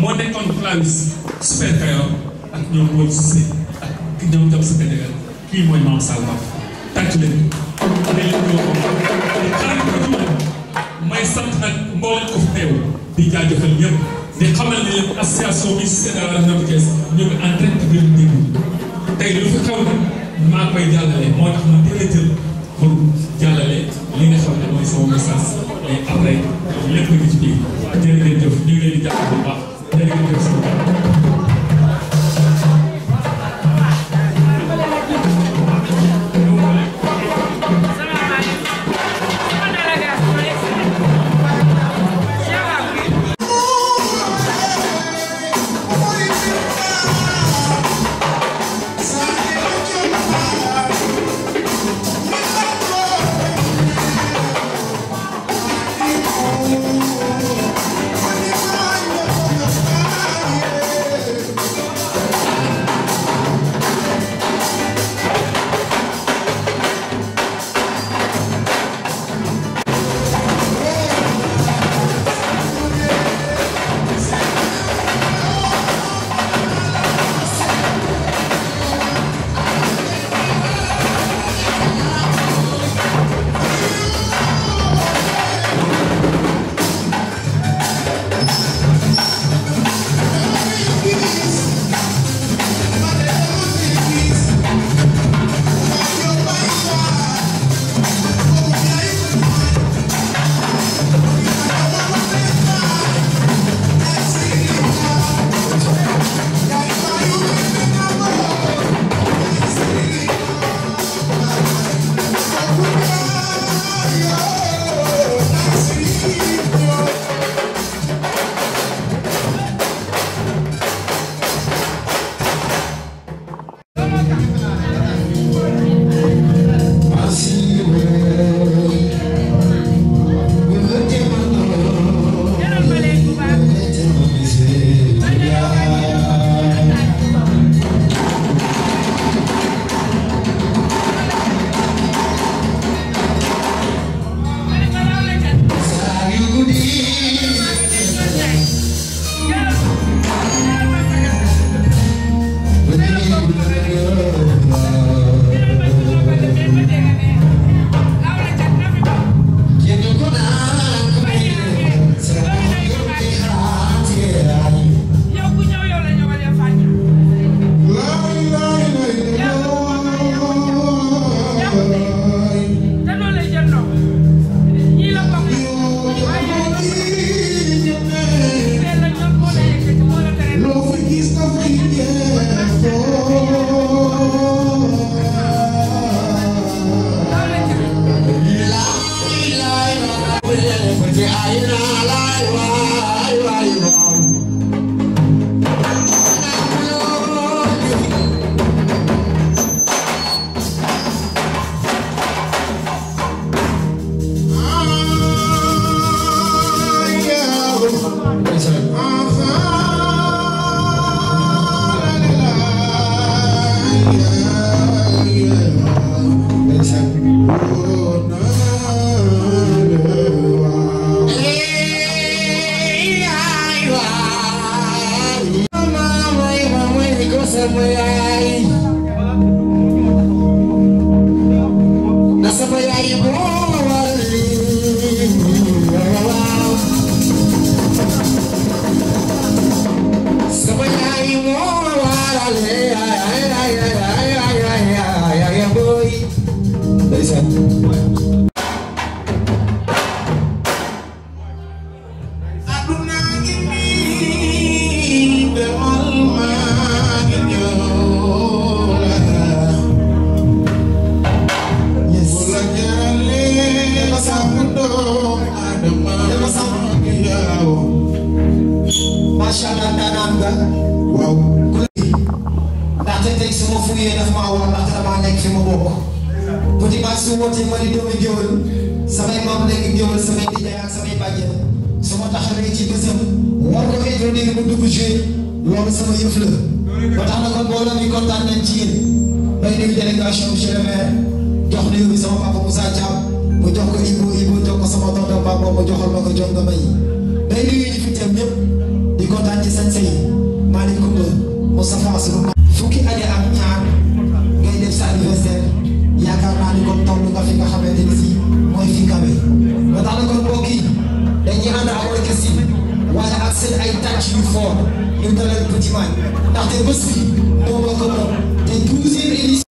moo nekkoon Flavius Super Kayor ak ñoom Mbodj Cissé ak ñoom Jabi Sëñ Degel kii mooy Mame Sall Ba tàcc leen ko ne leen ko may sant nag mboolem ko fi teew di jaajëfal ñëpp di xamal ne leen association bi Sénégal ak Nabou Thiès ñu ngi en train de déglu tey lu fi xew maa koy jàllale moo tax ma teel a jël pour jàllale li nga xam ne mooy sama message mais après lépp nga ci biir jërë ngeen jëf ñu ngi leen di jàpp bu baax. Thank you. sama yëf la ba tax na kon mbooloo mi kontaan nañ ci yéen may nuyu délégation monsieur le maire jox réew mi sama papa Moussa Thiam mu jox ko Ibo Ibo jox ko sama tonton papa mu joxal ma ko jox nga may may nuyu ñu fi teew ñëpp di kontaan ci sañ-sañ yi Malick Koumba Moustapha Sow fukki année ak ñaar ngay def sa anniversaire yaakaar naa ni kon toll nga fi nga xamante ni si mooy fi kawe ba tax na kon mbokk yi dañuy ànd ak orchestre yi waaye ak seen ay tàcc yu fort ñu dalal ko ci maañ ndaxte bés bi moo ko moom te douzième édition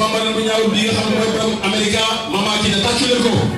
Mama Lamine bu ñaaw bi nga xam ne